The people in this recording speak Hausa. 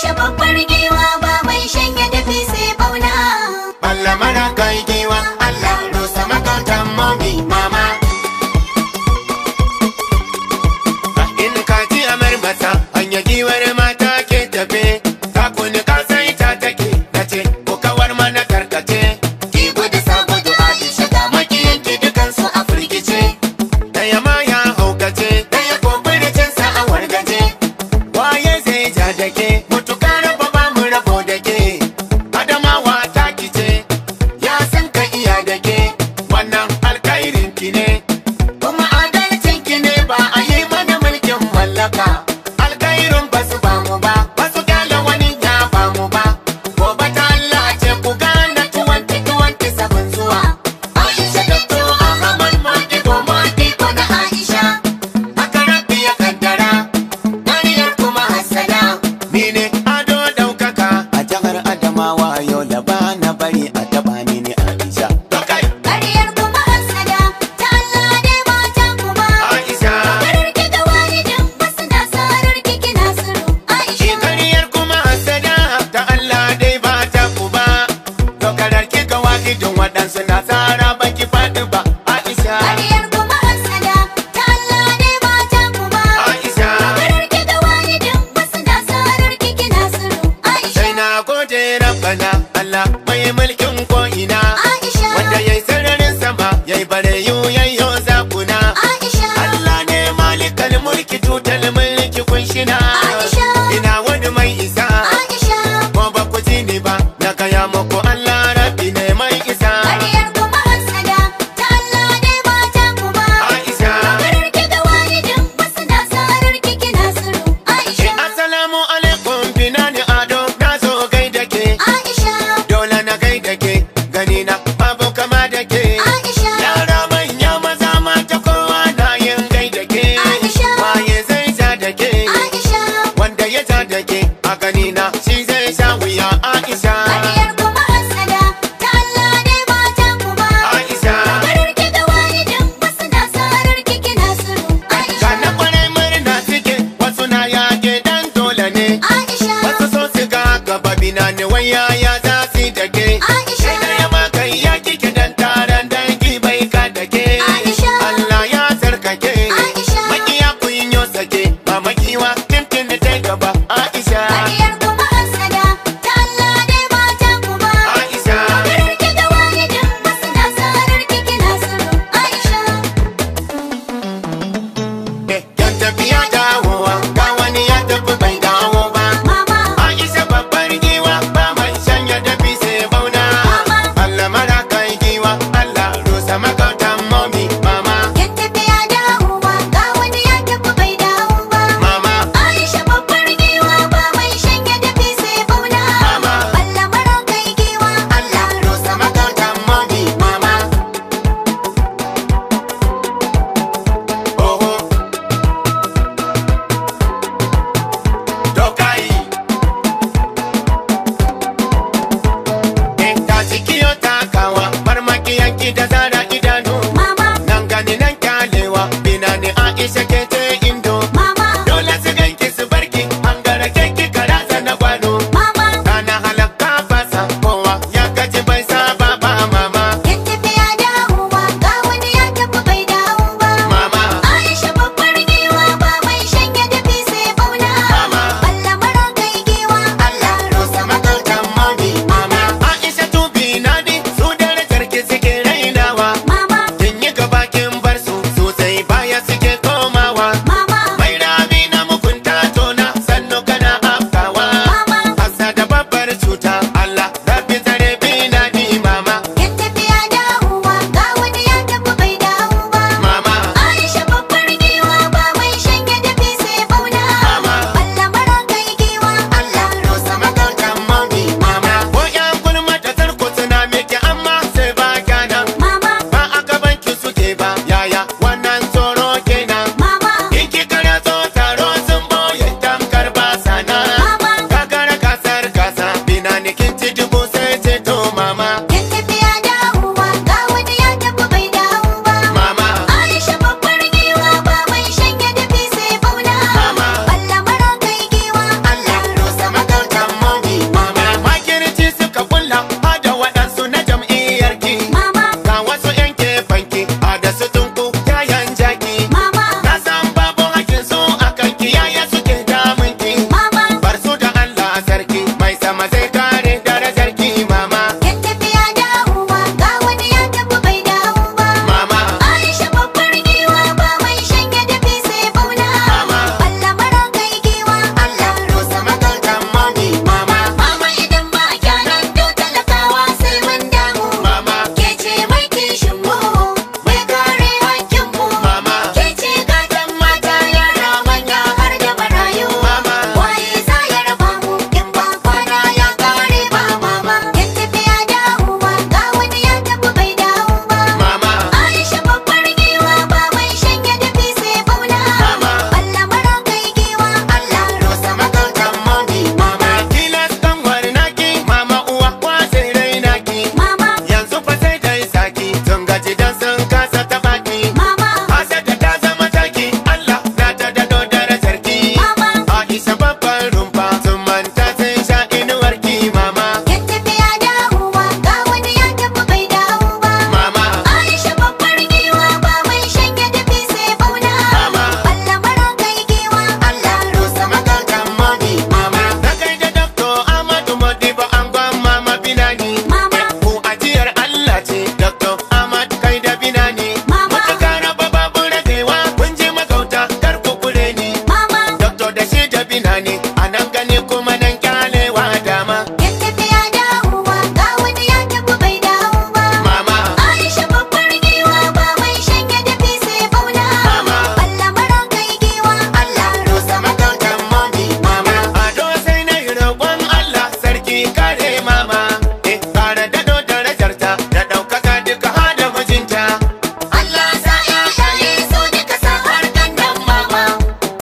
kashe babbar giwa ba mai shanya dafi sai bauna. Allah mana kai giwa. jin waɗansu na tsara baki faɗi ba Aisha Kariyar kuma hasada ta Allah ne ba ta kuma Aisha Karar ki ga walidin basu da sarar kiki kina suru Aisha Sai na gode rabbana Allah mai mulkin ko ina Aisha Wanda yayi sararin sama yayi bareyu yayi Sanki da zara idanu Nan gani nan binani Bina ni Aisha ke